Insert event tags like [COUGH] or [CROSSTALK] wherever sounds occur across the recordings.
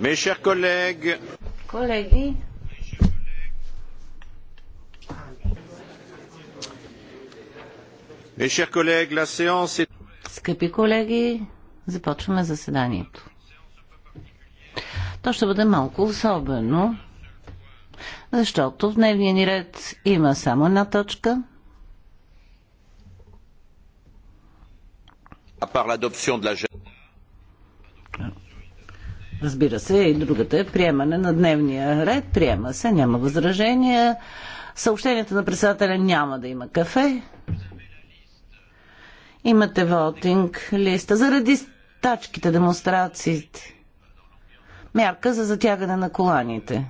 Mes chers collègues, Колеги, Mes chers collègues, la séance est... Скъпи колеги, започваме заседанието. То ще бъде малко особено, защото в дневния ни ред има само една точка. А пар l'adoption de Разбира се, и другата е приемане на дневния ред. Приема се, няма възражения. Съобщенията на председателя няма да има кафе. Имате вотинг листа заради тачките, демонстрациите. Мярка за затягане на коланите.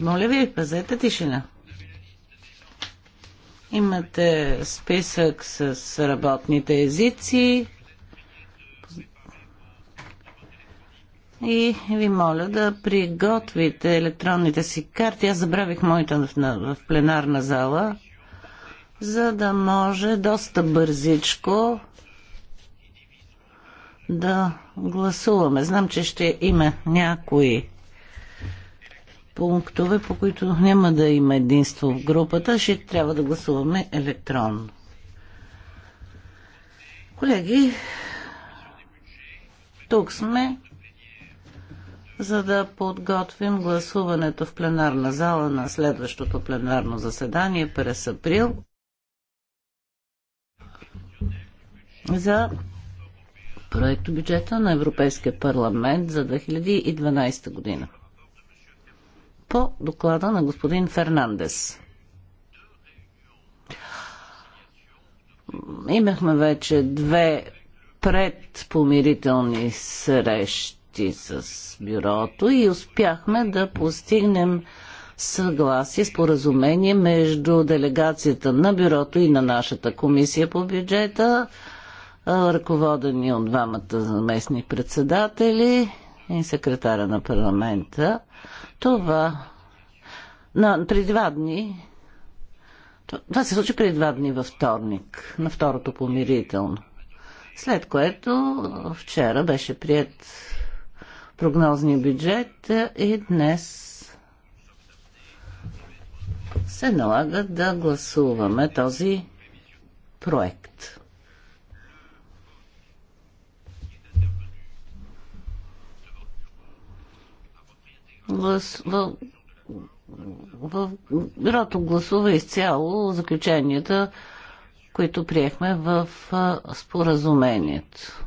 Моля ви, пазете тишина. Имате списък с работните езици и ви моля да приготвите електронните си карти. Аз забравих моите в пленарна зала, за да може доста бързичко да гласуваме. Знам, че ще има някои пунктове, по които няма да има единство в групата, ще трябва да гласуваме електронно. Колеги, тук сме, за да подготвим гласуването в пленарна зала на следващото пленарно заседание през април за бюджета на Европейския парламент за 2012 година по доклада на господин Фернандес. Имахме вече две предпомирителни срещи с бюрото и успяхме да постигнем съгласие, споразумение между делегацията на бюрото и на нашата комисия по бюджета, ръководени от двамата заместни председатели и секретаря на парламента. Това на, при два дни това се случи преди два дни във вторник, на второто помирително. След което вчера беше прият прогнозния бюджет и днес се налага да гласуваме този проект. глас, в, в бюрото гласува изцяло заключенията, които приехме в споразумението.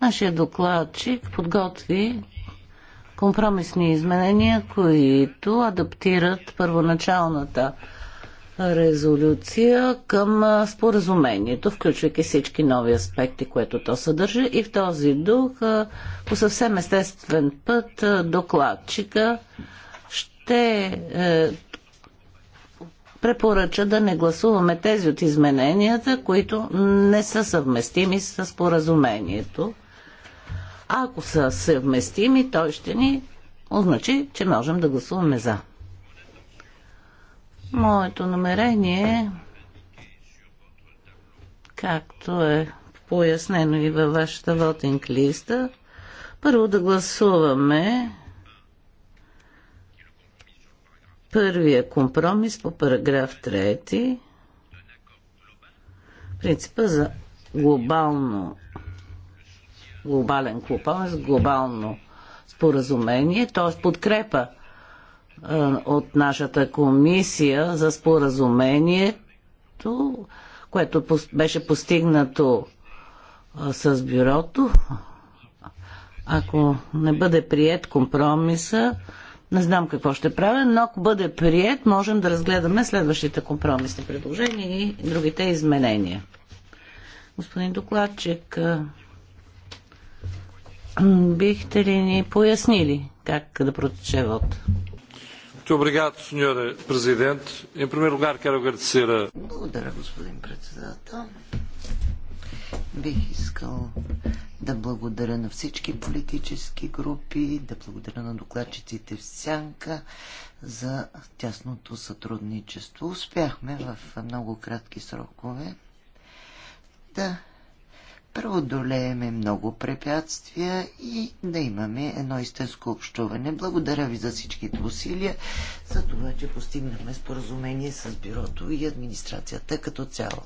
Нашия докладчик подготви компромисни изменения, които адаптират първоначалната резолюция към споразумението, включвайки всички нови аспекти, което то съдържа. И в този дух, по съвсем естествен път, докладчика ще е, препоръча да не гласуваме тези от измененията, които не са съвместими с споразумението. Ако са съвместими, той ще ни означи, че можем да гласуваме за. Моето намерение, е, както е пояснено и във вашата вотинг листа, първо да гласуваме първия компромис по параграф 3, принципа за глобално глобален купон, глобално споразумение, т.е. подкрепа е, от нашата комисия за споразумението, което беше постигнато е, с бюрото. Ако не бъде прият компромиса, не знам какво ще правя, но ако бъде прият, можем да разгледаме следващите компромисни предложения и другите изменения. Господин докладчик, е, бихте ли ни пояснили как да протече вод? Благодаря, господин председател. Бих искал да благодаря на всички политически групи, да благодаря на докладчиците в Сянка за тясното сътрудничество. Успяхме в много кратки срокове да преодолееме много препятствия и да имаме едно истинско общуване. Благодаря ви за всичките усилия, за това, че постигнахме споразумение с бюрото и администрацията като цяло.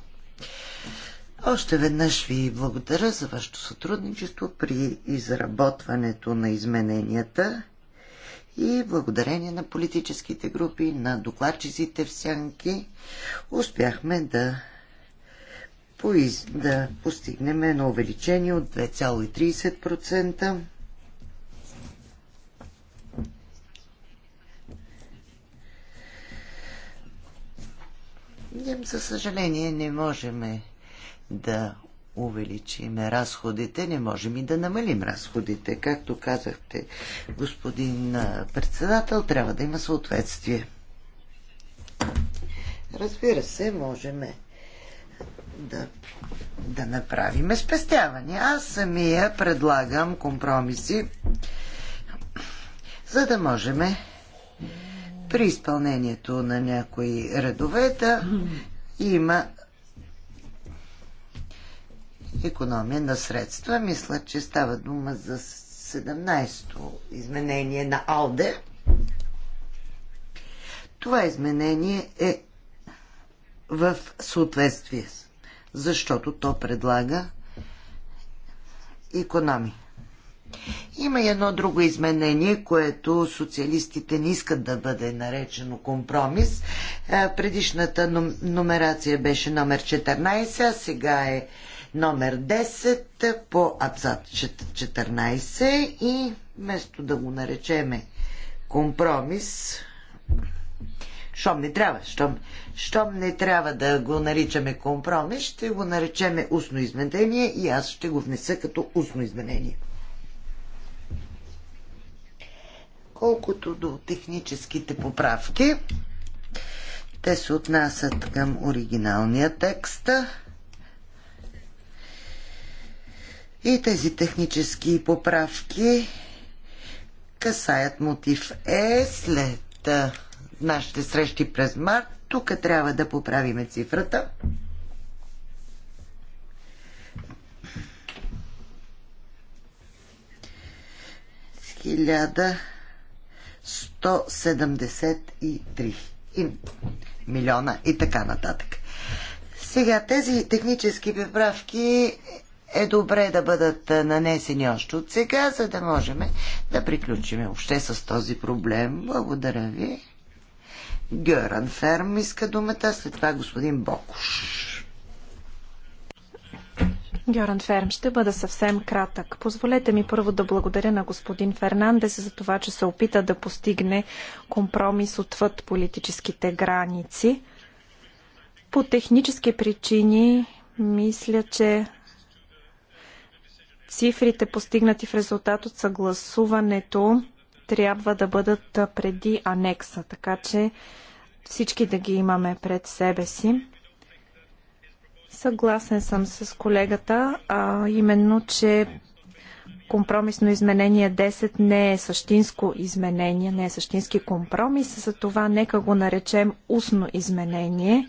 Още веднъж ви благодаря за вашето сътрудничество при изработването на измененията и благодарение на политическите групи, на докладчиците в сянки, успяхме да поиз... да постигнем едно увеличение от 2,30%. За съжаление не можем да увеличим разходите, не можем и да намалим разходите. Както казахте, господин председател, трябва да има съответствие. Разбира се, можеме да, да направим спестявания. Аз самия предлагам компромиси, за да можем при изпълнението на някои редове да има економия на средства. Мисля, че става дума за 17-то изменение на АЛДЕ. Това изменение е в съответствие с защото то предлага економи. Има и едно друго изменение, което социалистите не искат да бъде наречено компромис. Е, предишната номерация беше номер 14, а сега е номер 10 по абзац 14 и вместо да го наречеме компромис, щом не трябва, щом, щом не трябва да го наричаме компромис, ще го наречеме устно изменение и аз ще го внеса като устно изменение. Колкото до техническите поправки, те се отнасят към оригиналния текст. И тези технически поправки касаят мотив Е след нашите срещи през март. Тук трябва да поправим цифрата. С 1173 милиона и така нататък. Сега тези технически поправки е добре да бъдат нанесени още от сега, за да можем да приключим въобще с този проблем. Благодаря ви. Гъран Ферм иска думата, след това господин Бокуш. Гьоран Ферм, ще бъда съвсем кратък. Позволете ми първо да благодаря на господин Фернандес за това, че се опита да постигне компромис отвъд политическите граници. По технически причини мисля, че цифрите постигнати в резултат от съгласуването трябва да бъдат преди анекса, така че всички да ги имаме пред себе си. Съгласен съм с колегата, а именно, че компромисно изменение 10 не е същинско изменение, не е същински компромис, за това нека го наречем устно изменение.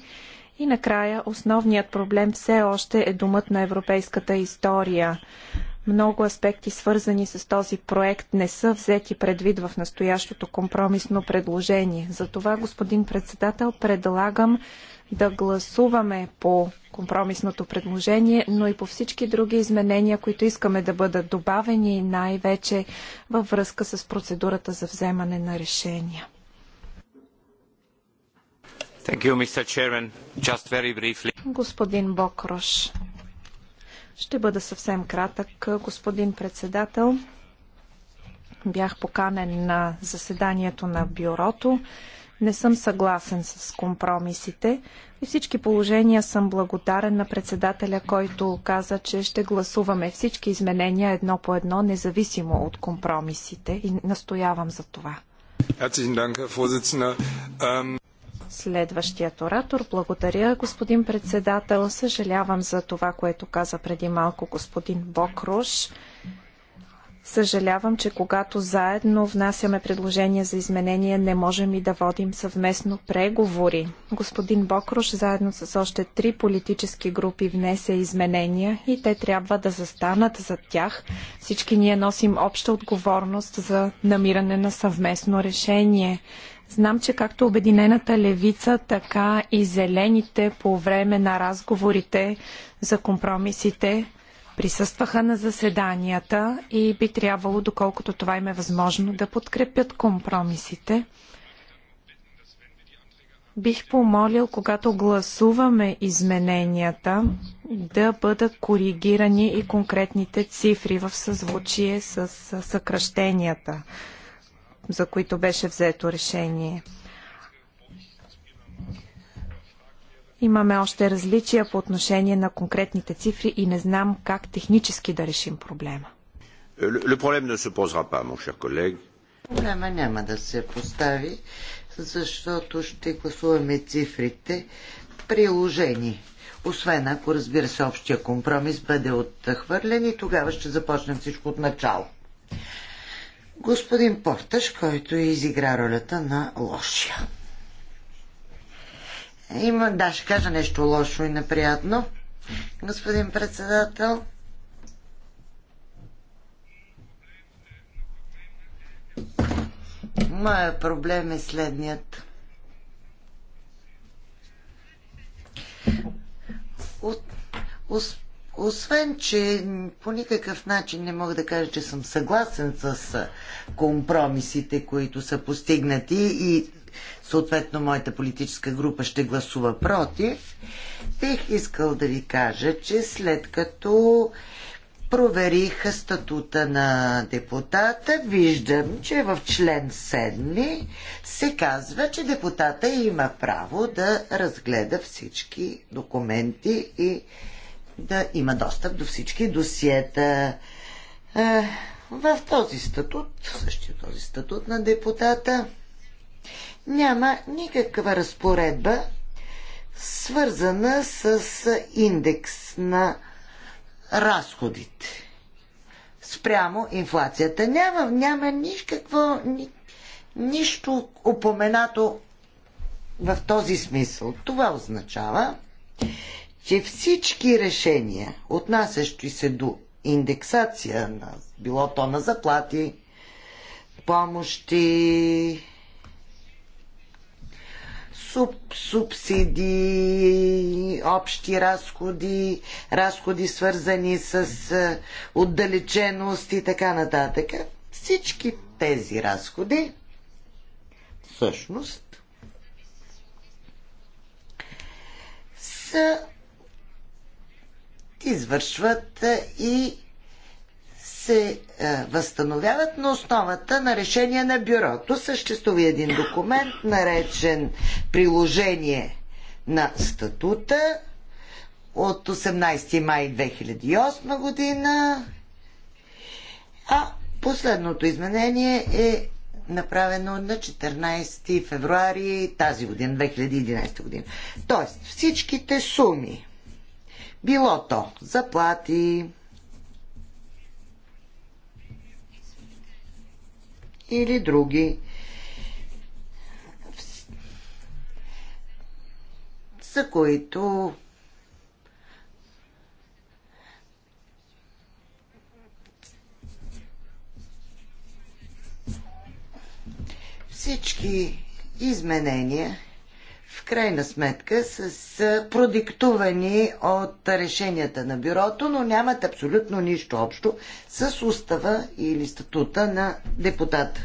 И накрая основният проблем все още е думът на европейската история. Много аспекти, свързани с този проект, не са взети предвид в настоящото компромисно предложение. Затова, господин председател, предлагам да гласуваме по компромисното предложение, но и по всички други изменения, които искаме да бъдат добавени, най-вече във връзка с процедурата за вземане на решения. You, Господин Бокрош, ще бъда съвсем кратък, господин председател. Бях поканен на заседанието на бюрото. Не съм съгласен с компромисите. и всички положения съм благодарен на председателя, който каза, че ще гласуваме всички изменения едно по едно, независимо от компромисите и настоявам за това. Следващият оратор. Благодаря, господин председател. Съжалявам за това, което каза преди малко господин Бокруш. Съжалявам, че когато заедно внасяме предложения за изменение, не можем и да водим съвместно преговори. Господин Бокруш заедно с още три политически групи внесе изменения и те трябва да застанат за тях. Всички ние носим обща отговорност за намиране на съвместно решение. Знам, че както Обединената левица, така и зелените по време на разговорите за компромисите присъстваха на заседанията и би трябвало, доколкото това им е възможно, да подкрепят компромисите. Бих помолил, когато гласуваме измененията, да бъдат коригирани и конкретните цифри в съзвучие с съкръщенията за които беше взето решение. Имаме още различия по отношение на конкретните цифри и не знам как технически да решим проблема. Е, проблема няма да се постави, защото ще гласуваме цифрите приложени. Освен ако, разбира се, общия компромис бъде отхвърлен и тогава ще започнем всичко от начало господин Порташ, който изигра ролята на лошия. Има, да, ще кажа нещо лошо и неприятно. Господин председател, моя проблем е следният. Освен, че по никакъв начин не мога да кажа, че съм съгласен с компромисите, които са постигнати и съответно моята политическа група ще гласува против, бих искал да ви кажа, че след като проверих статута на депутата, виждам, че в член 7 се казва, че депутата има право да разгледа всички документи и да има достъп до всички досиета. Е, в този статут, същия този статут на депутата, няма никаква разпоредба, свързана с индекс на разходите спрямо инфлацията. Няма, няма никакво, ни, нищо упоменато в този смисъл. Това означава, че всички решения, отнасящи се до индексация на било то на заплати, помощи, суб, субсидии, общи разходи, разходи свързани с отдалеченост и така нататък. Всички тези разходи всъщност са извършват е, и се е, възстановяват на основата на решение на бюрото. Съществува един документ, наречен приложение на статута от 18 май 2008 година. А последното изменение е направено на 14 февруари тази година, 2011 година. Тоест, всичките суми, било то заплати или други. За които всички изменения крайна сметка са продиктувани от решенията на бюрото, но нямат абсолютно нищо общо с устава или статута на депутата.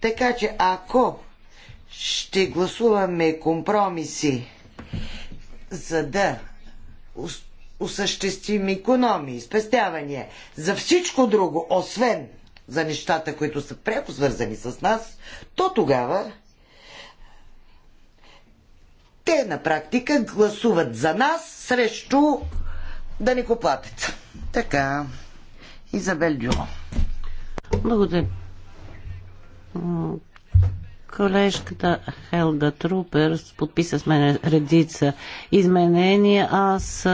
Така че ако ще гласуваме компромиси, за да осъществим економии, спестявания за всичко друго, освен за нещата, които са пряко свързани с нас, то тогава те на практика гласуват за нас срещу да ни платят. Така. Изабел Дюро. Благодаря. Колежката Хелга Трупер подписа с мен редица изменения. Аз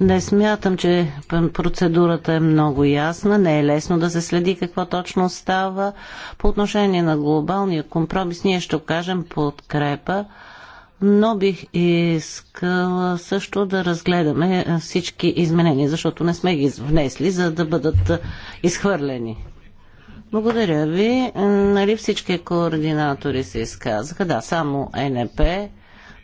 не смятам, че процедурата е много ясна. Не е лесно да се следи какво точно става. По отношение на глобалния компромис, ние ще окажем подкрепа но бих искала също да разгледаме всички изменения, защото не сме ги внесли, за да бъдат изхвърлени. Благодаря ви. Нали всички координатори се изказаха? Да, само НП.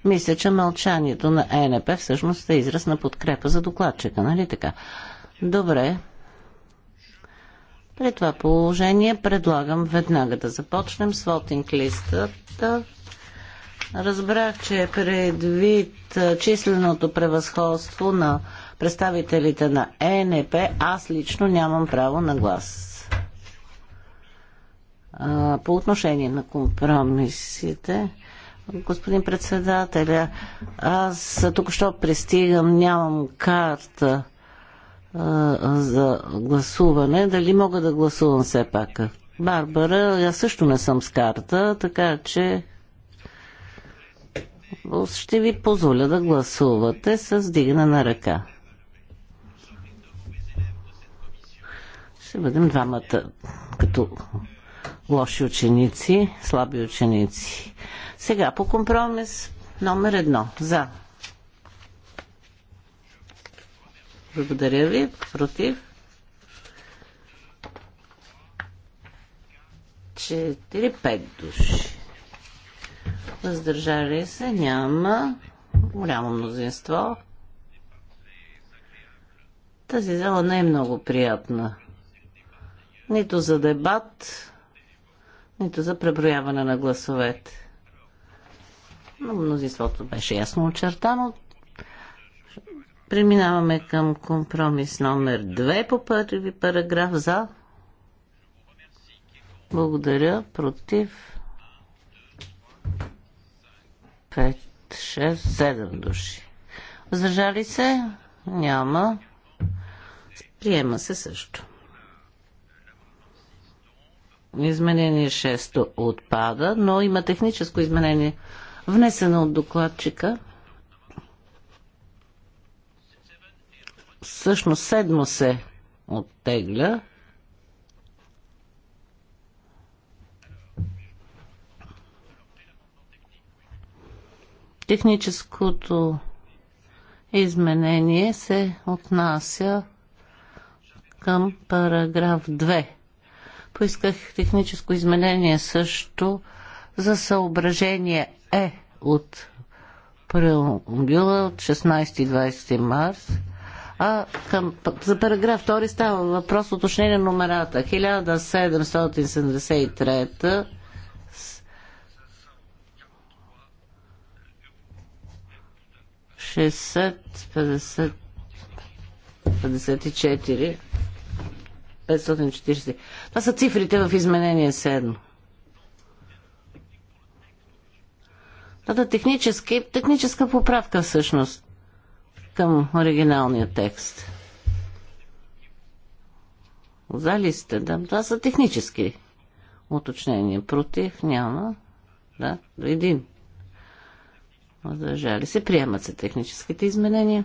Мисля, че мълчанието на НП всъщност е израз на подкрепа за докладчика, нали така? Добре. При това положение предлагам веднага да започнем с фотинг листата. Разбрах, че е предвид численото превъзходство на представителите на ЕНП, аз лично нямам право на глас. По отношение на компромисите, господин председателя, аз тук що пристигам, нямам карта а, за гласуване. Дали мога да гласувам все пак? Барбара, аз също не съм с карта, така че ще ви позволя да гласувате с дигане на ръка. Ще бъдем двамата като лоши ученици, слаби ученици. Сега по компромис номер едно. За. Благодаря ви. Против. Четири-пет души. Въздържали се няма. Голямо мнозинство. Тази зала не е много приятна. Нито за дебат, нито за преброяване на гласовете. Но мнозинството беше ясно очертано. Преминаваме към компромис номер 2 по първи параграф за. Благодаря. Против. 5, 6, 7 души. Въздържали се? Няма. Приема се също. Изменение 6 отпада, но има техническо изменение, внесено от докладчика. Всъщност 7 се оттегля. Техническото изменение се отнася към параграф 2. Поисках техническо изменение също за съображение Е от преамбюла от 16 20 марс. А към, за параграф 2 става въпрос уточнение номерата 1773 60, 50, 54, 540. Това са цифрите в изменение 7. Това да, е технически, техническа поправка всъщност към оригиналния текст. За ли сте? Да, това са технически уточнения. Против няма. Да, един въздържали се, приемат се техническите изменения.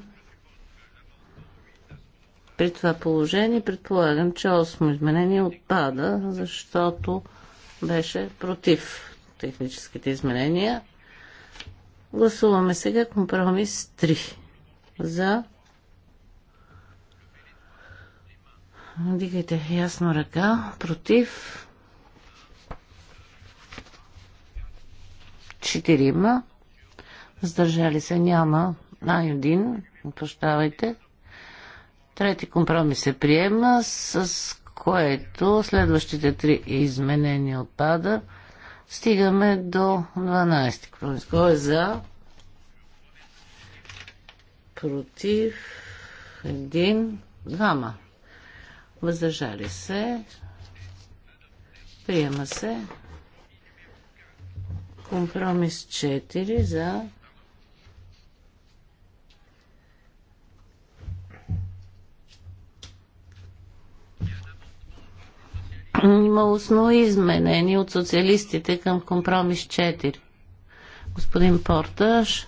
При това положение предполагам, че 8 изменение отпада, защото беше против техническите изменения. Гласуваме сега компромис 3 за Дигайте ясно ръка. Против. Четирима. Сдържали се няма. Най-1. Прощавайте. Трети компромис се приема, с което следващите три изменения отпада. Стигаме до 12 компромис. Кой е за? Против? Един? Двама. Въздържали се. Приема се. Компромис 4 за Има устно изменение от социалистите към компромис 4. Господин Порташ,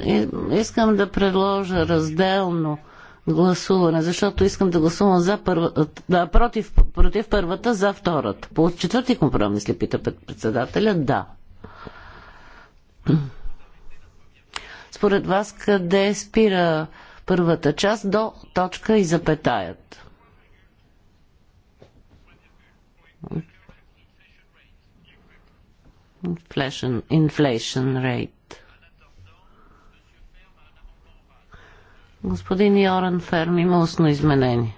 е, искам да предложа разделно гласуване, защото искам да гласувам за първата, да, против, против първата, за втората. По четвърти компромис ли пита председателя? Да. Според вас къде спира първата част до точка и запетаят? Inflation, rate. Господин Йоран Ферм има устно изменение.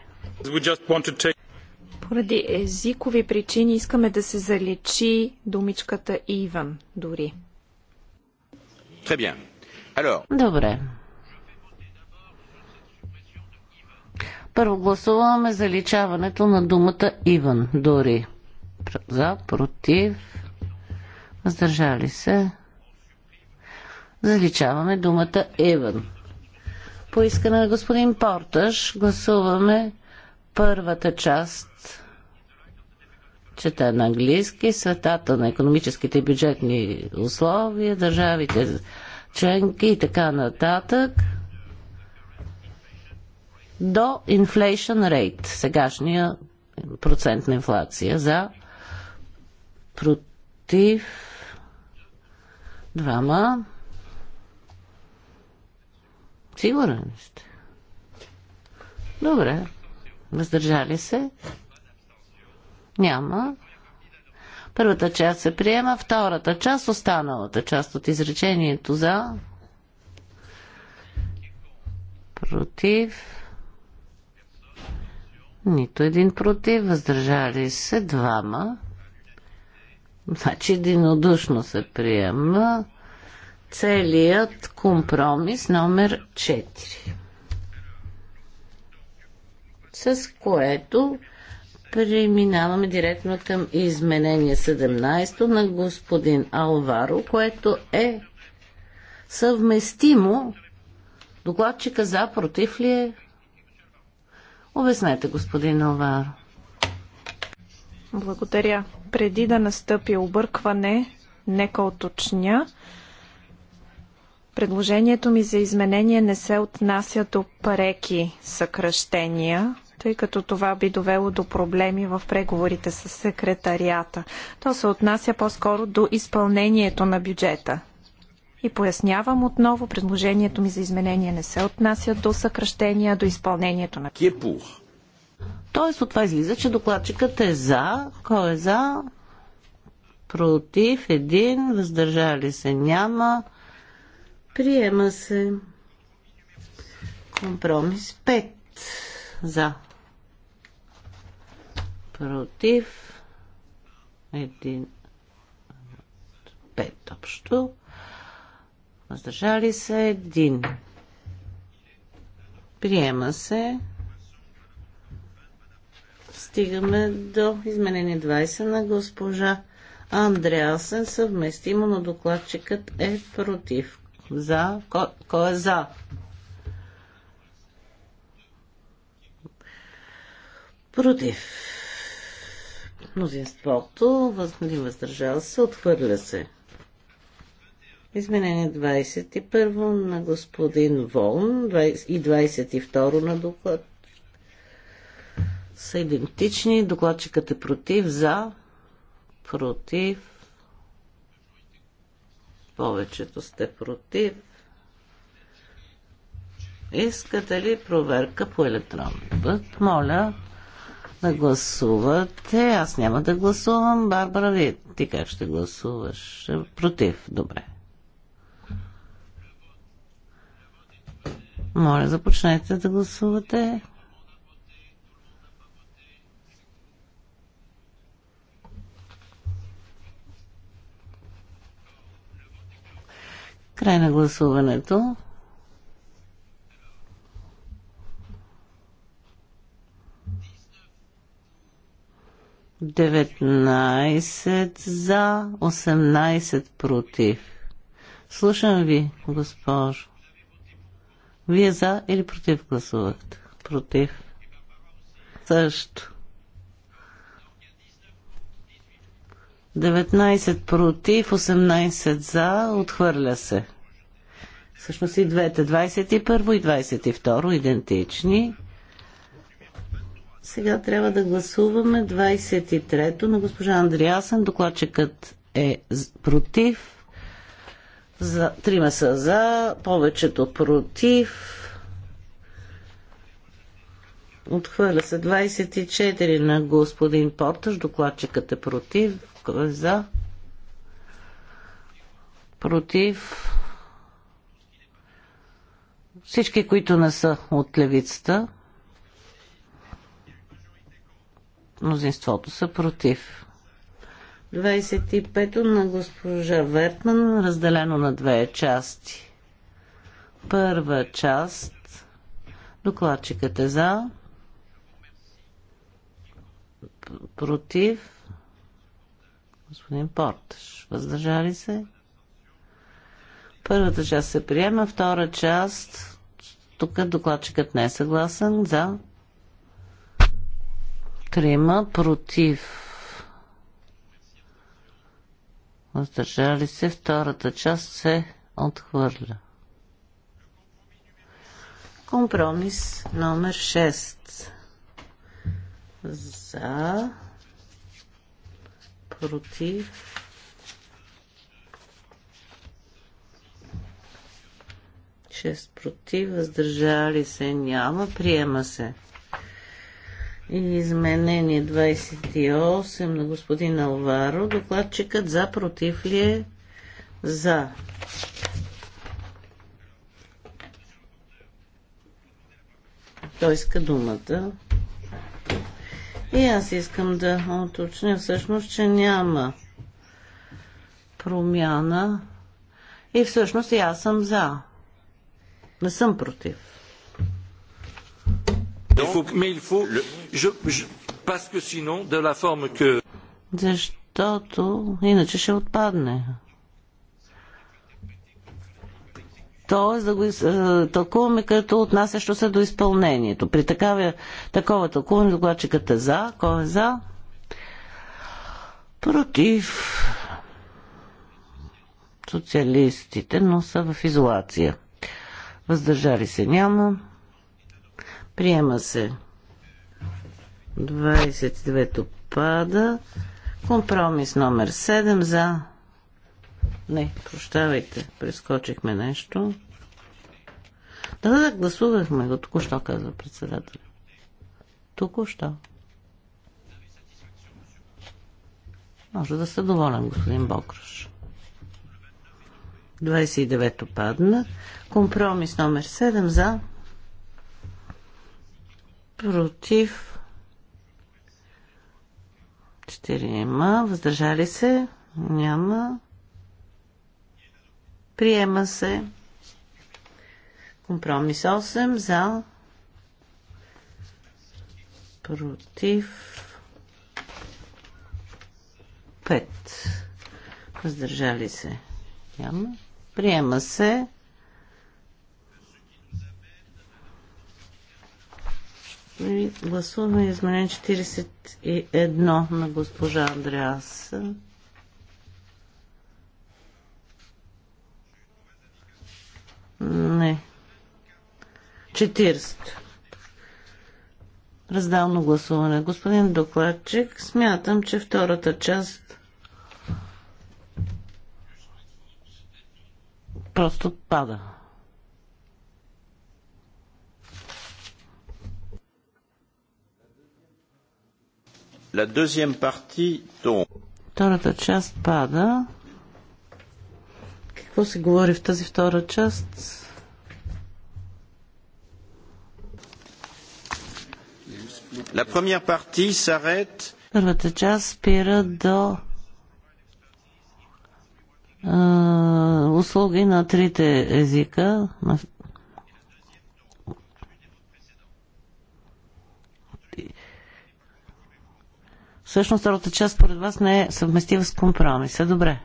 Поради езикови причини искаме да се заличи думичката Иван, дори. Добре. Първо гласуваме заличаването на думата Иван. Дори. За, против. Въздържали се. Заличаваме думата Иван. По искане на господин Порташ гласуваме първата част чета на английски, светата на економическите и бюджетни условия, държавите членки и така нататък до inflation rate, сегашния процент на инфлация за против двама. Сигурен сте. Добре. Въздържали се? Няма. Първата част се приема, втората част, останалата част от изречението за против нито един против, въздържали се двама. Значи единодушно се приема целият компромис номер 4. С което преминаваме директно към изменение 17 на господин Алваро, което е съвместимо. Докладчика за против ли е? Обяснете, господин Овар. Благодаря. Преди да настъпи объркване, нека оточня. Предложението ми за изменение не се отнася до преки съкръщения, тъй като това би довело до проблеми в преговорите с секретарията. То се отнася по-скоро до изпълнението на бюджета. И пояснявам отново, предложението ми за изменение не се отнася до съкръщения, до изпълнението на... Кипур. Е Тоест от това излиза, че докладчикът е за. Кой е за? Против, един, въздържали се няма. Приема се. Компромис 5. За. Против. Един. Пет общо. Въздържали се един. Приема се. Стигаме до изменение 20 на госпожа Андреасен съвместимо, но докладчикът е против. За. Кой, е за? Против. Мнозинството, въздържава се, отхвърля се. Изменение 21 на господин Волн и 22 на доклад са идентични. Докладчикът е против, за, против. Повечето сте против. Искате ли проверка по електронен път? Моля да гласувате. Аз няма да гласувам. Барбара, ви, ти как ще гласуваш? Против. Добре. Моля, започнете да гласувате. Край на гласуването. Деветнайсет за, осемнайсет против. Слушам ви, госпожо. Вие за или против гласувахте? Против. Също. 19 против, 18 за, отхвърля се. Всъщност и двете, 21 и 22, идентични. Сега трябва да гласуваме 23-то на госпожа Андриасен. Докладчикът е против. За, трима са за, повечето против. Отхвърля се 24 на господин Порташ. Докладчикът е против. Е за. Против. Всички, които не са от левицата. Мнозинството са против. 25-то на госпожа Вертман, разделено на две части. Първа част. Докладчикът е за. Против. Господин Порташ. Въздържали се? Първата част се приема. Втора част. Тук докладчикът не е съгласен. За. Трима. Против въздържали се, втората част се отхвърля. Компромис номер 6. За, против, шест против, въздържали се няма, приема се. И изменение 28 на господин Алваро. Докладчикът за против ли е? За. Той иска думата. И аз искам да уточня всъщност, че няма промяна. И всъщност и аз съм за. Не съм против. Mais il faut, parce que sinon, de la forme que... Защото иначе ще отпадне. Тоест да го е, тълкуваме като отнасящо се до изпълнението. При такава, такова тълкуване докладчикът е за. Кой е за? Против социалистите, но са в изолация. Въздържали се няма. Приема се. 29-то пада. Компромис номер 7 за... Не, прощавайте, прескочихме нещо. Да, да, гласувахме го, току-що казва председател. Току-що. Може да сте доволен, господин Бокрош. 29-то падна. Компромис номер 7 за против 4, въздържали се, няма, приема се, компромис 8, за, против 5, въздържали се, няма, приема се, И гласуваме изменение 41 на госпожа Андреас. Не. 40. Раздално гласуване. Господин докладчик, смятам, че втората част просто пада. La deuxième partie Втората част пада. Какво се говори в тази втора част? La première partie s'arrête. Първата част спира до услуги на трите езика, Всъщност втората част според вас не е съвместива с компромиса. Добре.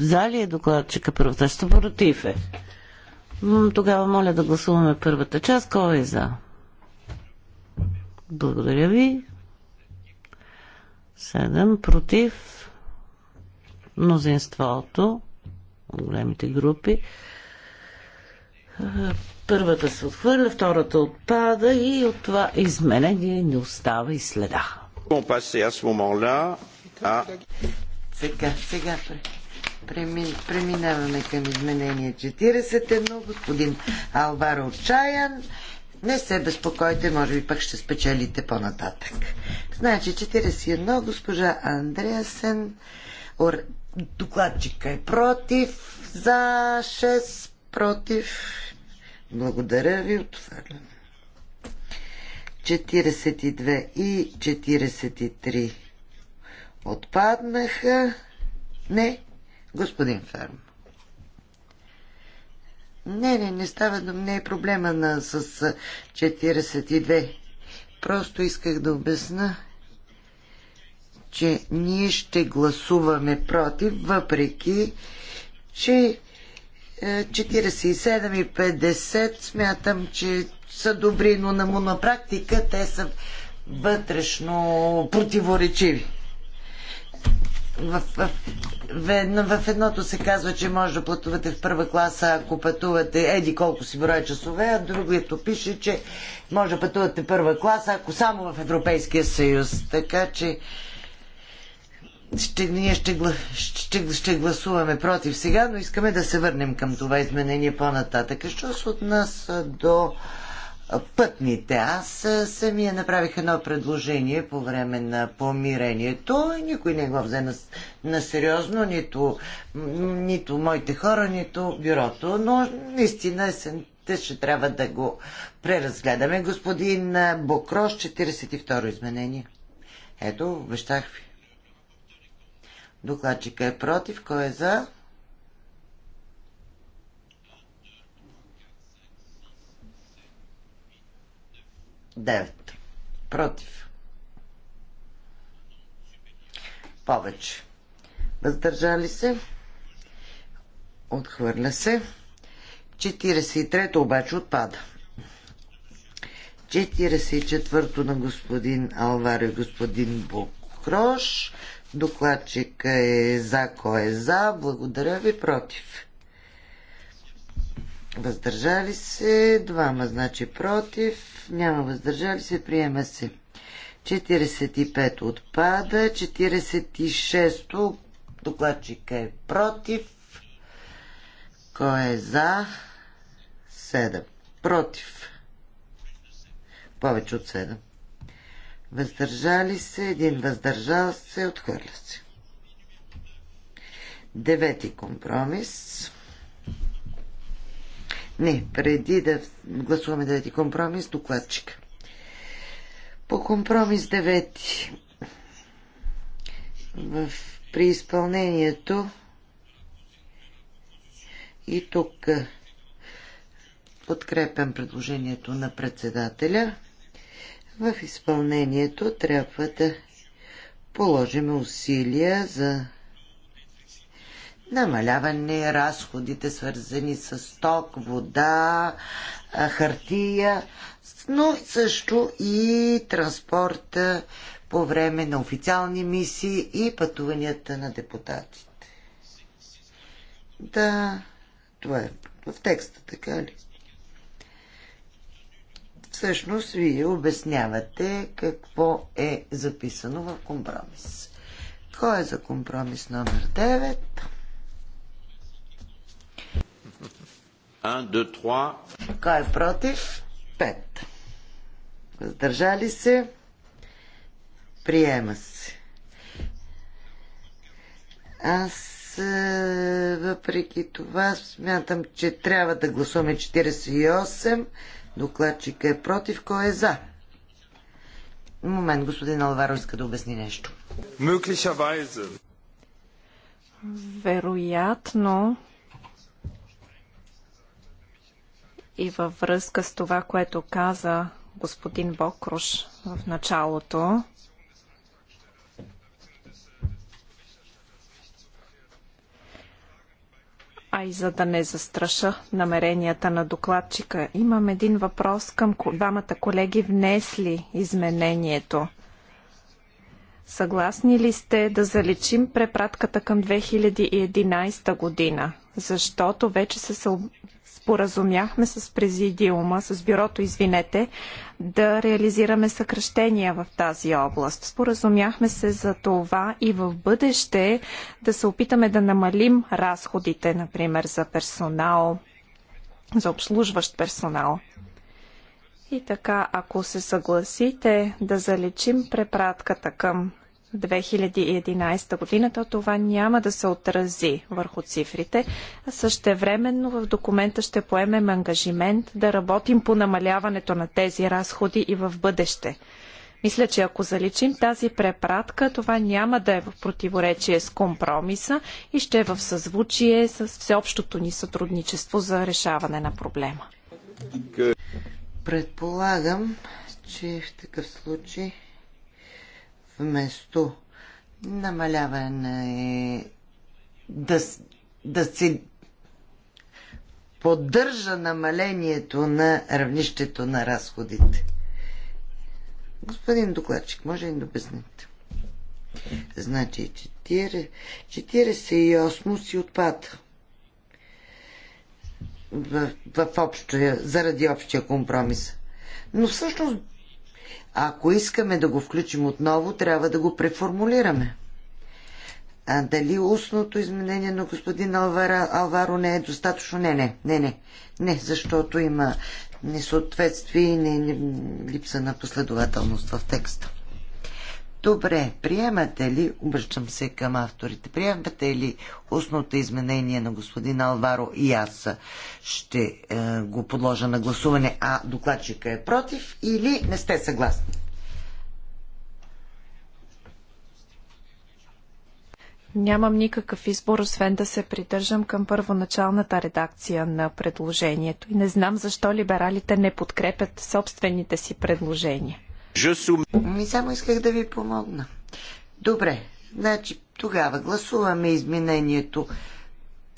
За ли е докладчика първата част? Против е. Тогава моля да гласуваме първата част. Кой е за? Благодаря ви. Седем против мнозинството, големите групи. Първата се отхвърля, втората отпада и от това изменение не остава и следа. Сега, сега преминаваме към изменение 41. Господин Алваро Отчаян. Не се безпокойте, може би пък ще спечелите по-нататък. Значи 41, госпожа Андреасен, докладчика е против, за 6 против. Благодаря ви, отварям. 42 и 43 отпаднаха. Не, господин Ферм. Не, не, не става, не е проблема на, с 42. Просто исках да обясна, че ние ще гласуваме против, въпреки, че 47 и 50 смятам, че са добри, но на, на практика те са вътрешно противоречиви. В, в, в, в едното се казва, че може да пътувате в първа класа, ако пътувате еди колко си броя часове, а другото пише, че може да пътувате първа класа, ако само в Европейския съюз. Така че ще, ние ще, ще, ще гласуваме против сега, но искаме да се върнем към това изменение по-нататък. Що се отнася до пътните? Аз самия направих едно предложение по време на помирението и никой не го взе на, на сериозно, нито, нито моите хора, нито бюрото, но наистина есен ще трябва да го преразгледаме. Господин Бокрош, 42-ро изменение. Ето, обещах ви. Докладчика е против. Кой е за? Девет. Против. Повече. Въздържали се. Отхвърля се. 43-то обаче отпада. 44-то на господин Алвар и господин Бокрош. Докладчика е за, кой е за. Благодаря ви, против. Въздържали се, двама, значи против. Няма въздържали се, приема се. 45 отпада, 46 докладчика е против. Кой е за? 7. Против. Повече от 7 въздържали се, един въздържал се, отхвърля се. Девети компромис. Не, преди да гласуваме девети компромис, докладчика. По компромис девети в, при изпълнението и тук подкрепям предложението на председателя – в изпълнението трябва да положим усилия за намаляване разходите, свързани с ток, вода, хартия, но също и транспорта по време на официални мисии и пътуванията на депутатите. Да, това е в текста, така ли? всъщност вие обяснявате какво е записано в компромис. Кой е за компромис номер 9? 1, 2, 3. 4. Кой е против? Пет. Въздържали се? Приема се. Аз е, въпреки това смятам, че трябва да гласуваме докладчика е против, кой е за? Момент, господин Алваро иска да обясни нещо. Вероятно, и във връзка с това, което каза господин Бокруш в началото, а и за да не застраша намеренията на докладчика. Имам един въпрос към двамата колеги, внесли изменението. Съгласни ли сте да заличим препратката към 2011 година? защото вече се споразумяхме с президиума, с бюрото, извинете, да реализираме съкръщения в тази област. Споразумяхме се за това и в бъдеще да се опитаме да намалим разходите, например, за персонал, за обслужващ персонал. И така, ако се съгласите да заличим препратката към 2011 година, то това няма да се отрази върху цифрите. А временно в документа ще поемем ангажимент да работим по намаляването на тези разходи и в бъдеще. Мисля, че ако заличим тази препратка, това няма да е в противоречие с компромиса и ще е в съзвучие с всеобщото ни сътрудничество за решаване на проблема. Предполагам, че в такъв случай вместо намаляване да, да се поддържа намалението на равнището на разходите. Господин докладчик, може ли да обясните? Значи 48 си отпада в, в общия, заради общия компромис. Но всъщност ако искаме да го включим отново, трябва да го преформулираме. А дали устното изменение на господин Алвара, Алваро не е достатъчно? Не, не, не, не. Не, защото има несъответствие и не, не, липса на последователност в текста. Добре, приемате ли, обръщам се към авторите, приемате ли устното изменение на господин Алваро и аз ще е, го подложа на гласуване, а докладчика е против или не сте съгласни? Нямам никакъв избор, освен да се придържам към първоначалната редакция на предложението. И не знам защо либералите не подкрепят собствените си предложения. Ми само исках да ви помогна. Добре, значи тогава гласуваме изменението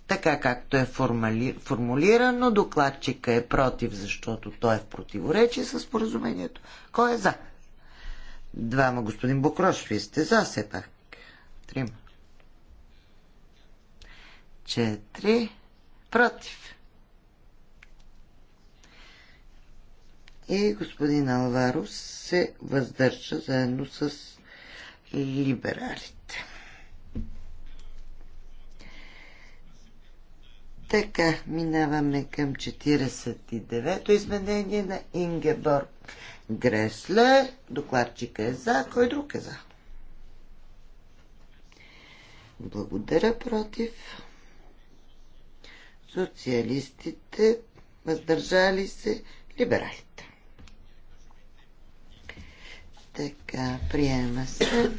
така както е формали... формулирано. Докладчика е против, защото той е в противоречие с поразумението. Кой е за? Двама, господин Бокрош, вие сте за все пак. Трима. Четири. Против. и господин Алваро се въздържа заедно с либералите. Така, минаваме към 49-то изменение на Ингеборг Гресле. Докладчика е за, кой друг е за? Благодаря против. Социалистите, въздържали се, либералите. Така, приема се.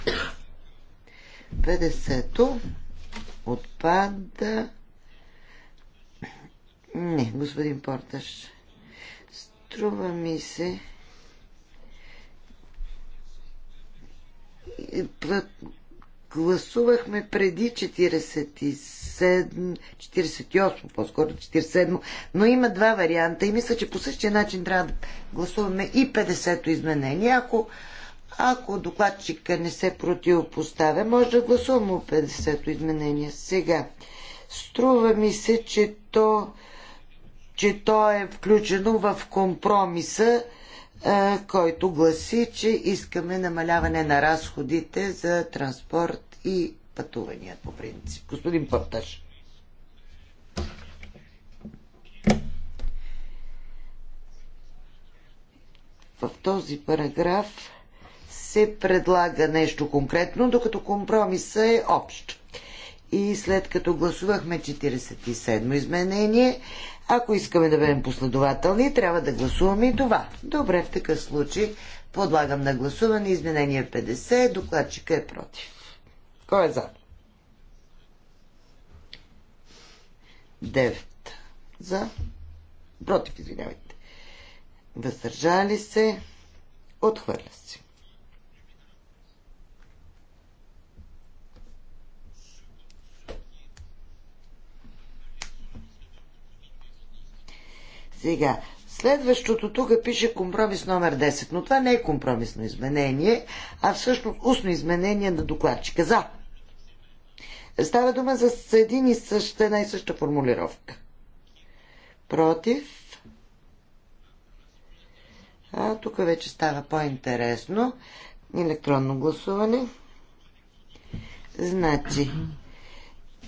50-то отпада. Не, господин Порташ. Струва ми се. Гласувахме преди 47, 48, по-скоро 47, но има два варианта и мисля, че по същия начин трябва да гласуваме и 50-то изменение. Ако ако докладчика не се противопоставя, може да гласуваме 50-то изменение. Сега, струва ми се, че то, че то е включено в компромиса, е, който гласи, че искаме намаляване на разходите за транспорт и пътувания по принцип. Господин Порташ. В този параграф се предлага нещо конкретно, докато компромиса е общ. И след като гласувахме 47 изменение, ако искаме да бъдем последователни, трябва да гласуваме и това. Добре, в такъв случай подлагам на гласуване изменение 50, докладчика е против. Кой е за? 9 за. Против, извинявайте. Въздържали се. Отхвърля се. Сега, следващото тук пише компромис номер 10, но това не е компромисно изменение, а всъщност устно изменение на докладчика. За. Става дума за един и съща, една и съща формулировка. Против. А, тук вече става по-интересно. Електронно гласуване. Значи,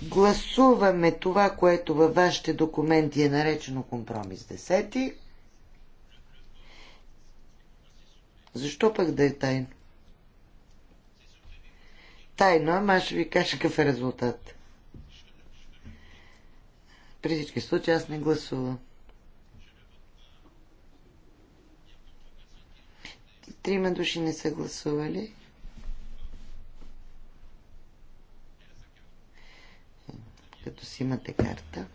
гласуваме това, което във вашите документи е наречено компромис 10. Защо пък да е тайно? Тайно, ама ще ви кажа какъв е резултат. При всички случаи аз не гласувам. Трима души не са гласували. като си имате карта.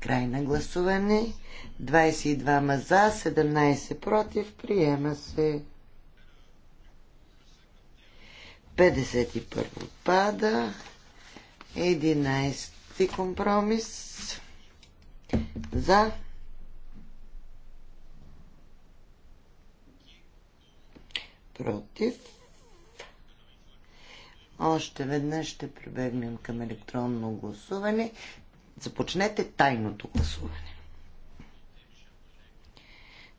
Край на гласуване. 22 маза, за, 17 против. Приема се. 51 отпада. 11 компромис. За. Против. Още веднъж ще прибегнем към електронно гласуване. Започнете тайното гласуване.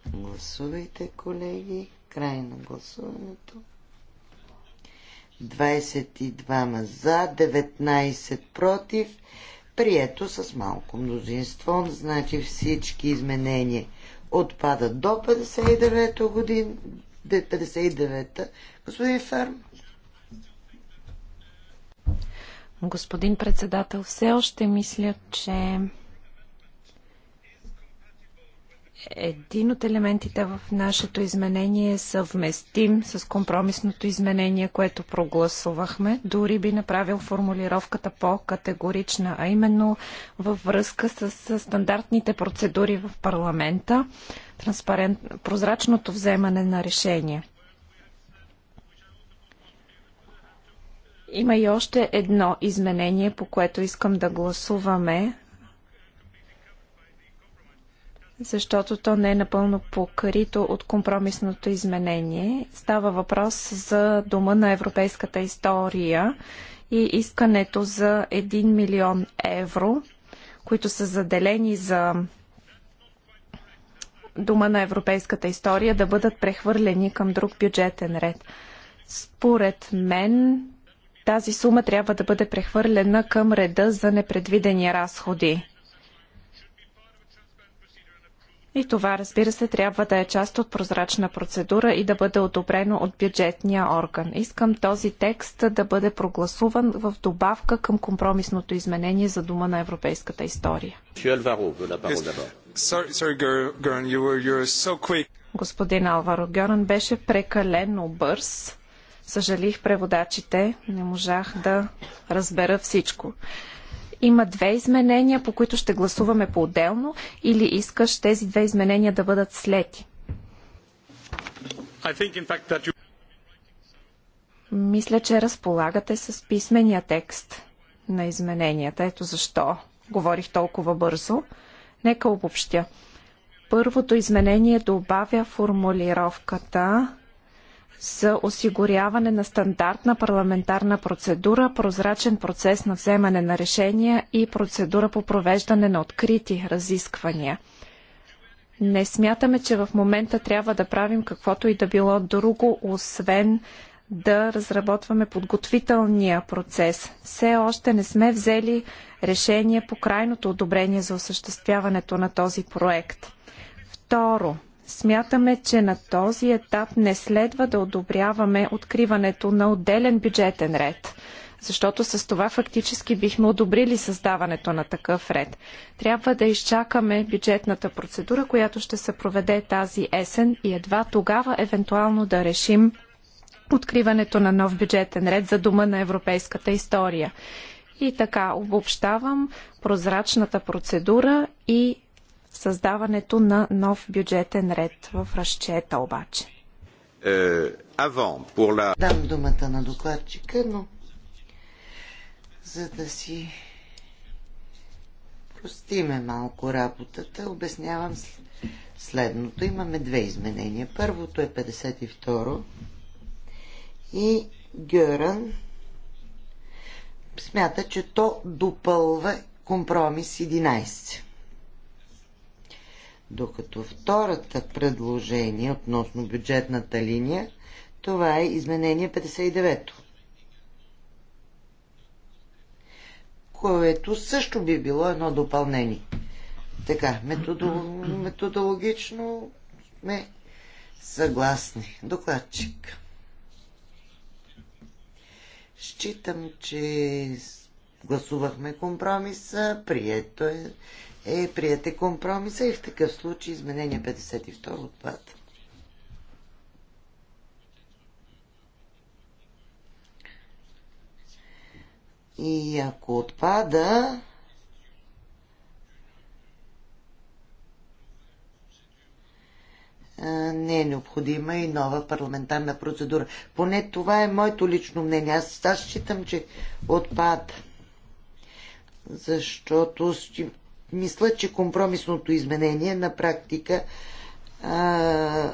Гласувайте, колеги. Край на гласуването. 22 за, 19 против. Прието с малко мнозинство, значи всички изменения отпадат до 59 година, 59-та. Господин Ферм. Господин председател, все още мисля, че един от елементите в нашето изменение е съвместим с компромисното изменение, което прогласувахме. Дори би направил формулировката по-категорична, а именно във връзка с, стандартните процедури в парламента, прозрачното вземане на решения. Има и още едно изменение, по което искам да гласуваме, защото то не е напълно покрито от компромисното изменение. Става въпрос за Дома на европейската история и искането за 1 милион евро, които са заделени за Дома на европейската история, да бъдат прехвърлени към друг бюджетен ред. Според мен тази сума трябва да бъде прехвърлена към реда за непредвидени разходи. И това, разбира се, трябва да е част от прозрачна процедура и да бъде одобрено от бюджетния орган. Искам този текст да бъде прогласуван в добавка към компромисното изменение за Дума на европейската история. Господин Алваро Гьоран беше прекалено бърз. Съжалих преводачите, не можах да разбера всичко. Има две изменения, по които ще гласуваме по-отделно или искаш тези две изменения да бъдат слети? You... Мисля, че разполагате с писмения текст на измененията. Ето защо говорих толкова бързо. Нека обобщя. Първото изменение добавя формулировката за осигуряване на стандартна парламентарна процедура, прозрачен процес на вземане на решения и процедура по провеждане на открити разисквания. Не смятаме, че в момента трябва да правим каквото и да било друго, освен да разработваме подготвителния процес. Все още не сме взели решение по крайното одобрение за осъществяването на този проект. Второ, Смятаме, че на този етап не следва да одобряваме откриването на отделен бюджетен ред, защото с това фактически бихме одобрили създаването на такъв ред. Трябва да изчакаме бюджетната процедура, която ще се проведе тази есен и едва тогава евентуално да решим откриването на нов бюджетен ред за Дома на европейската история. И така обобщавам прозрачната процедура и създаването на нов бюджетен ред в разчета обаче. Е, Дам думата на докладчика, но за да си простиме малко работата, обяснявам следното. Имаме две изменения. Първото е 52 и Гъран смята, че то допълва компромис 11. Докато втората предложение относно бюджетната линия, това е изменение 59-то. Което също би било едно допълнение. Така, методологично сме съгласни. Докладчик. Считам, че гласувахме компромиса, прието е е прияте компромиса и в такъв случай изменение 52 отпад. И ако отпада, не е необходима и нова парламентарна процедура. Поне това е моето лично мнение. Аз, аз считам, че отпада. Защото мисля, че компромисното изменение на практика а,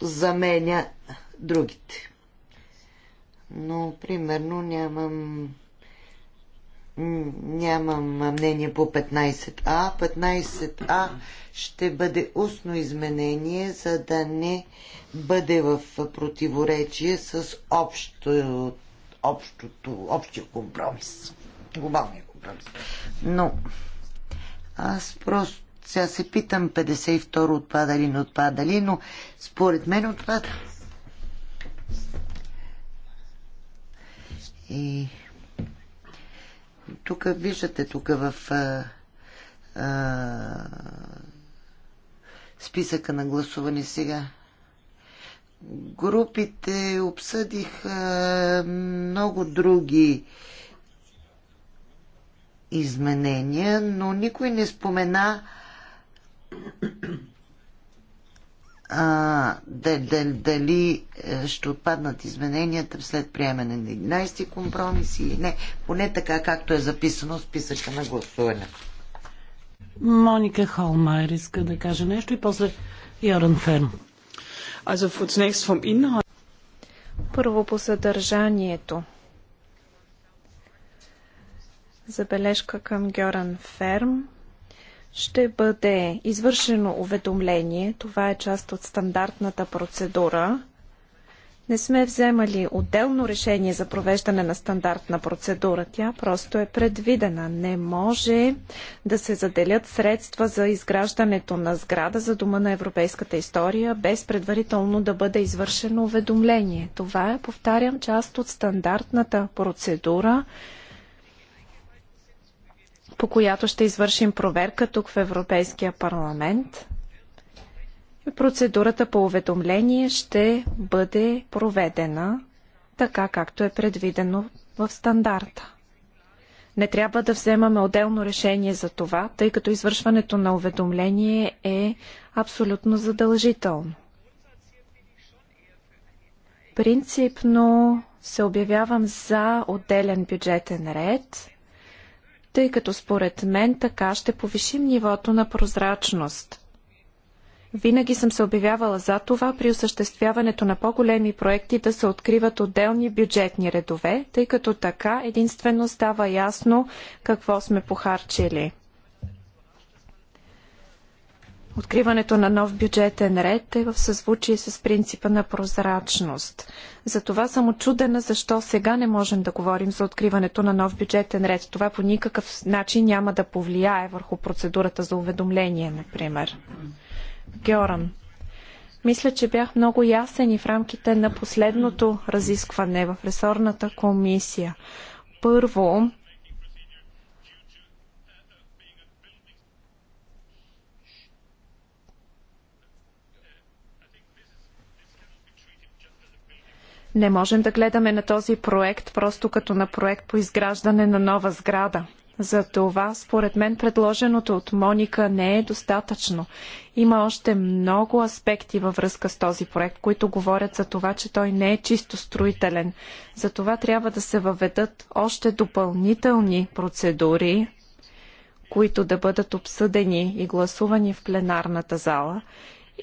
заменя другите. Но, примерно, нямам нямам мнение по 15А. 15А ще бъде устно изменение, за да не бъде в противоречие с общо, общото, общия компромис. Глобалния компромис. Но аз просто сега се питам 52 отпада ли, не отпада ли, но според мен отпада. И тук виждате, тук в а, а, списъка на гласуване сега. Групите обсъдих а, много други а, изменения, но никой не спомена а, дали, дали е, ще отпаднат измененията след приемане на 11 компромиси или не, поне така както е записано в списъка на гласуване. Моника Холмайер иска да каже нещо и после Йоран Ферм. Първо по съдържанието. Забележка към Гьоран Ферм. Ще бъде извършено уведомление. Това е част от стандартната процедура. Не сме вземали отделно решение за провеждане на стандартна процедура. Тя просто е предвидена. Не може да се заделят средства за изграждането на сграда за Дома на европейската история, без предварително да бъде извършено уведомление. Това е, повтарям, част от стандартната процедура по която ще извършим проверка тук в Европейския парламент. Процедурата по уведомление ще бъде проведена така, както е предвидено в стандарта. Не трябва да вземаме отделно решение за това, тъй като извършването на уведомление е абсолютно задължително. Принципно се обявявам за отделен бюджетен ред, тъй като според мен така ще повишим нивото на прозрачност. Винаги съм се обявявала за това при осъществяването на по-големи проекти да се откриват отделни бюджетни редове, тъй като така единствено става ясно какво сме похарчили. Откриването на нов бюджетен ред е в съзвучие с принципа на прозрачност. Затова съм очудена защо сега не можем да говорим за откриването на нов бюджетен ред. Това по никакъв начин няма да повлияе върху процедурата за уведомление, например. Георан, мисля, че бях много ясен и в рамките на последното разискване в ресорната комисия. Първо, Не можем да гледаме на този проект просто като на проект по изграждане на нова сграда. За това, според мен, предложеното от Моника не е достатъчно. Има още много аспекти във връзка с този проект, които говорят за това, че той не е чисто строителен. За това трябва да се въведат още допълнителни процедури, които да бъдат обсъдени и гласувани в пленарната зала,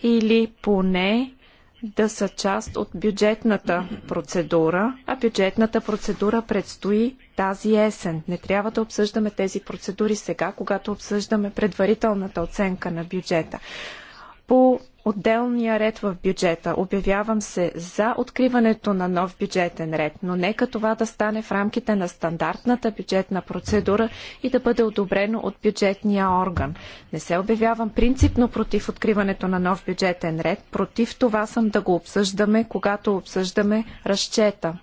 или поне да са част от бюджетната процедура, а бюджетната процедура предстои тази есен. Не трябва да обсъждаме тези процедури сега, когато обсъждаме предварителната оценка на бюджета. По отделния ред в бюджета. Обявявам се за откриването на нов бюджетен ред, но нека това да стане в рамките на стандартната бюджетна процедура и да бъде одобрено от бюджетния орган. Не се обявявам принципно против откриването на нов бюджетен ред. Против това съм да го обсъждаме, когато обсъждаме разчета.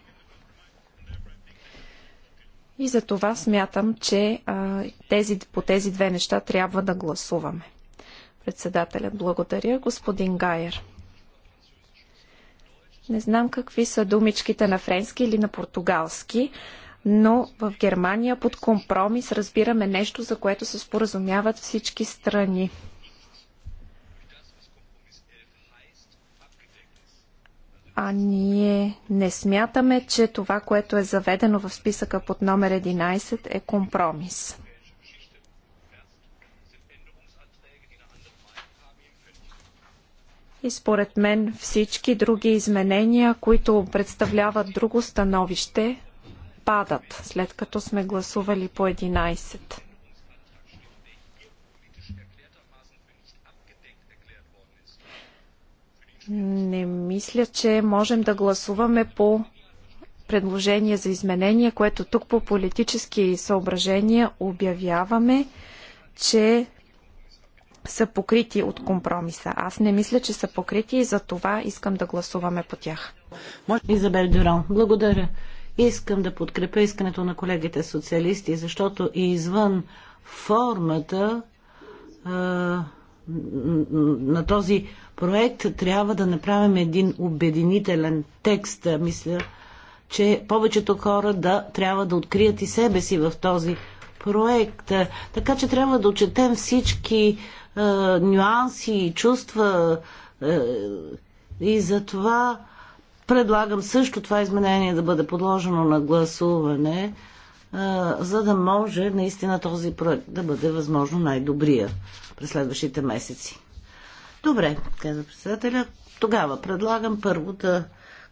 И за това смятам, че а, тези, по тези две неща трябва да гласуваме. Председателя, благодаря. Господин Гайер. Не знам какви са думичките на френски или на португалски, но в Германия под компромис разбираме нещо, за което се споразумяват всички страни. а ние не смятаме, че това, което е заведено в списъка под номер 11 е компромис. и според мен всички други изменения, които представляват друго становище, падат, след като сме гласували по 11. Не мисля, че можем да гласуваме по предложение за изменение, което тук по политически съображения обявяваме, че са покрити от компромиса. Аз не мисля, че са покрити и за това искам да гласуваме по тях. Изабел Дюран, благодаря. Искам да подкрепя искането на колегите социалисти, защото и извън формата е, на този проект трябва да направим един обединителен текст. Мисля, че повечето хора да трябва да открият и себе си в този проект. Така че трябва да отчетем всички нюанси и чувства. И затова предлагам също това изменение да бъде подложено на гласуване, за да може наистина този проект да бъде възможно най-добрия през следващите месеци. Добре, каза председателя. Тогава предлагам първо да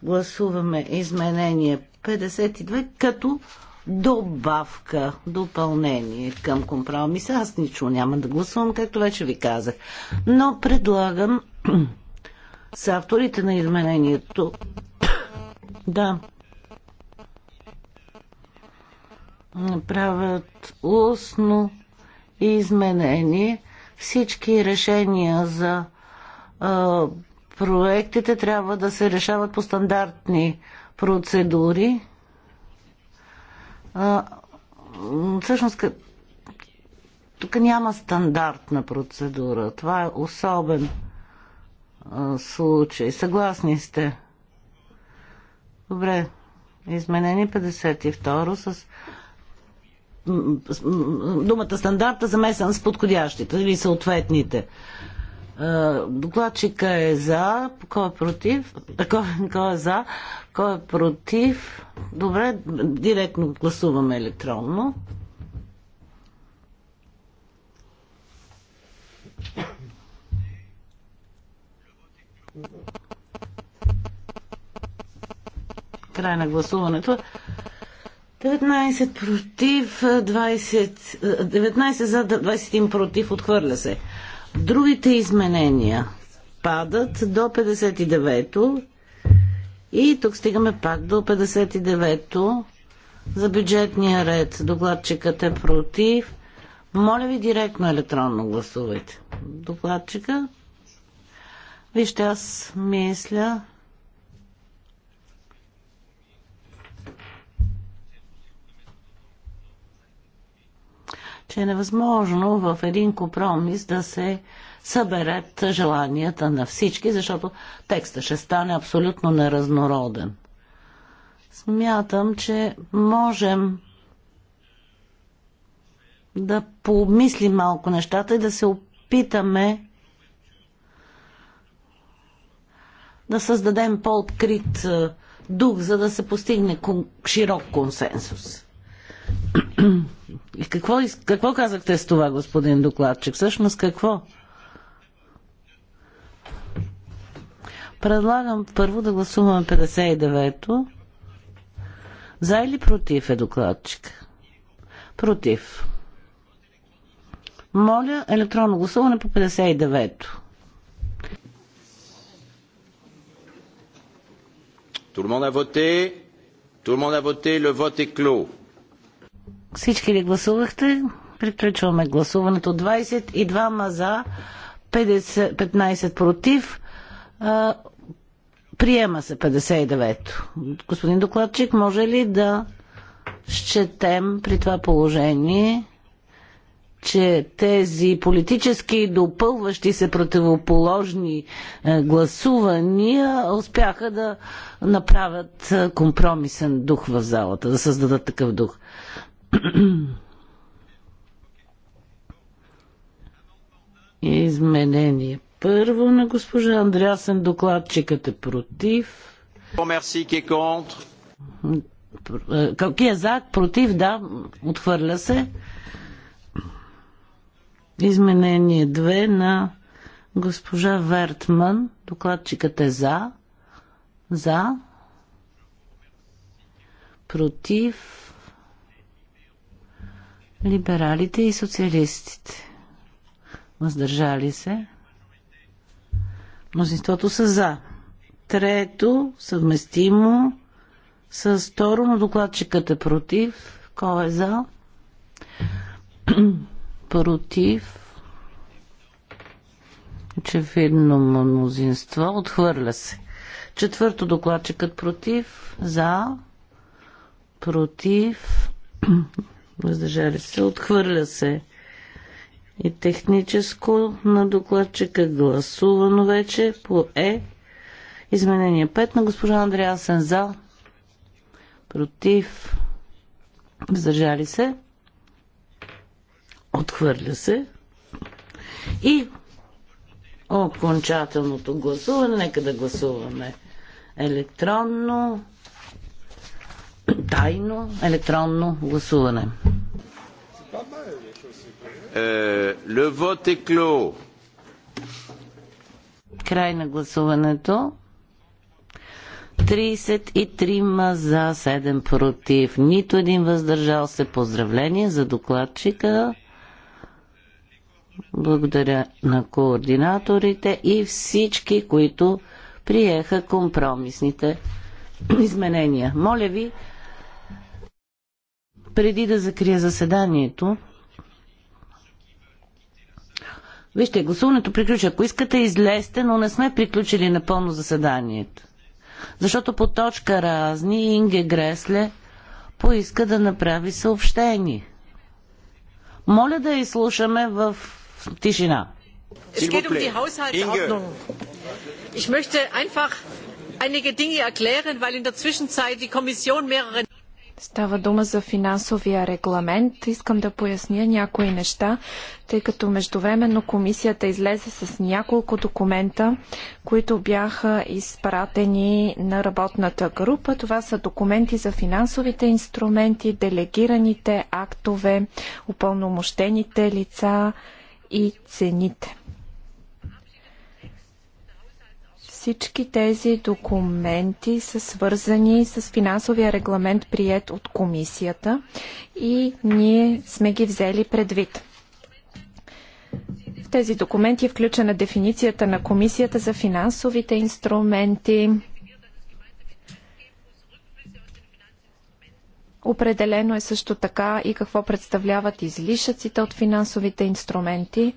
гласуваме изменение 52, като добавка, допълнение към компромиса. Аз нищо няма да гласувам, както вече ви казах. Но предлагам [CLEARS THROAT] с авторите на изменението да направят устно изменение. Всички решения за а, проектите трябва да се решават по стандартни процедури, а, всъщност, тук няма стандартна процедура. Това е особен случай. Съгласни сте? Добре. Изменени 52 с думата стандарта замесен с подходящите или съответните. Е, докладчика е за, кой е против, е, кой, кой е за, кой е против. Добре, директно гласуваме електронно. Край на гласуването. 19 против, 20, 19 е, за, 21 против, отхвърля се. Другите изменения падат до 59-то и тук стигаме пак до 59-то за бюджетния ред. Докладчикът е против. Моля ви директно електронно гласувайте. Докладчика? Вижте, аз мисля, че е невъзможно в един компромис да се съберат желанията на всички, защото текстът ще стане абсолютно неразнороден. Смятам, че можем да помислим малко нещата и да се опитаме да създадем по-открит дух, за да се постигне широк консенсус. И какво, какво казахте с това, господин докладчик? Всъщност какво? Предлагам първо да гласуваме 59-то. За или против е докладчик? Против. Моля електронно гласуване по 59-то. Tout le monde a voté. Tout le monde a voté. Le vote est clos. Всички ли гласувахте? Приключваме гласуването. 22 за, 50, 15 против. А, приема се 59-то. Господин докладчик, може ли да счетем при това положение, че тези политически допълващи се противоположни е, гласувания успяха да направят е, компромисен дух в залата, да създадат такъв дух. Изменение. Първо на госпожа Андреасен докладчикът е против. Мерси, ки е контр. Какие за, против, да, отхвърля се. Изменение 2 на госпожа Вертман. Докладчикът е за. За. Против либералите и социалистите. Въздържали се. Мнозинството са за. Трето, съвместимо с второ, но докладчикът е против. Кой е за? [CLEARS THROAT] против. Очевидно мнозинство. Отхвърля се. Четвърто, докладчикът против. За. Против. [CLEARS THROAT] въздържали се, отхвърля се. И техническо на докладчика гласувано вече по Е. Изменение 5 на госпожа Андреасен за, против, въздържали се, отхвърля се. И окончателното гласуване, нека да гласуваме електронно тайно електронно гласуване. Е, le е est Край на гласуването. 33 за 7 против, нито един въздържал се. Поздравление за докладчика. Благодаря на координаторите и всички, които приеха компромисните [CLEARS THROAT] изменения. Моля ви, преди да закрия заседанието, Вижте, гласуването приключи. Ако искате, излезте, но не сме приключили напълно заседанието. Защото по точка разни Инге Гресле поиска да направи съобщение. Моля да изслушаме в тишина. Es um Ich möchte einfach einige Dinge erklären, weil in der Zwischenzeit die Kommission mehrere Става дума за финансовия регламент. Искам да поясня някои неща, тъй като междувременно комисията излезе с няколко документа, които бяха изпратени на работната група. Това са документи за финансовите инструменти, делегираните актове, упълномощените лица и цените. Всички тези документи са свързани с финансовия регламент, прият от комисията и ние сме ги взели предвид. В тези документи е включена дефиницията на комисията за финансовите инструменти, Определено е също така и какво представляват излишъците от финансовите инструменти.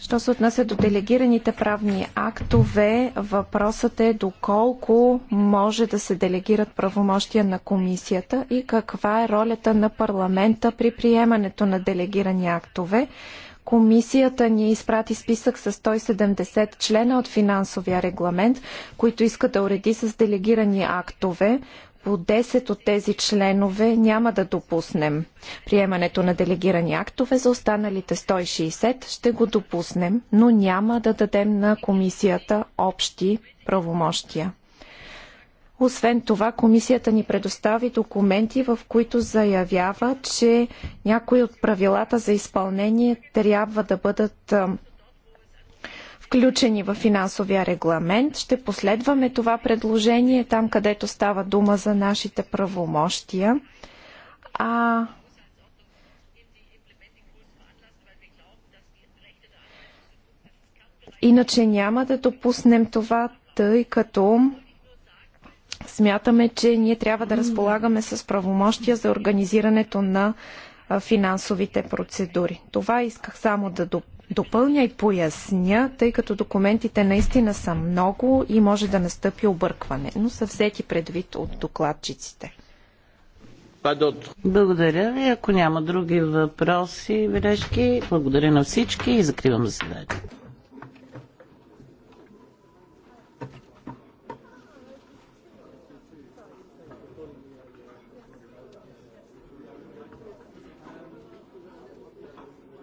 Що се отнася до делегираните правни актове, въпросът е доколко може да се делегират правомощия на комисията и каква е ролята на парламента при приемането на делегирани актове. Комисията ни изпрати списък с 170 члена от финансовия регламент, които иска да уреди с делегирани актове по 10 от тези членове няма да допуснем приемането на делегирани актове. За останалите 160 ще го допуснем, но няма да дадем на комисията общи правомощия. Освен това, комисията ни предостави документи, в които заявява, че някои от правилата за изпълнение трябва да бъдат включени в финансовия регламент. Ще последваме това предложение там, където става дума за нашите правомощия. А Иначе няма да допуснем това, тъй като смятаме, че ние трябва да разполагаме с правомощия за организирането на финансовите процедури. Това исках само да допълня допълня и поясня, тъй като документите наистина са много и може да настъпи объркване, но са взети предвид от докладчиците. Благодаря ви. Ако няма други въпроси, бележки, благодаря на всички и закривам заседанието.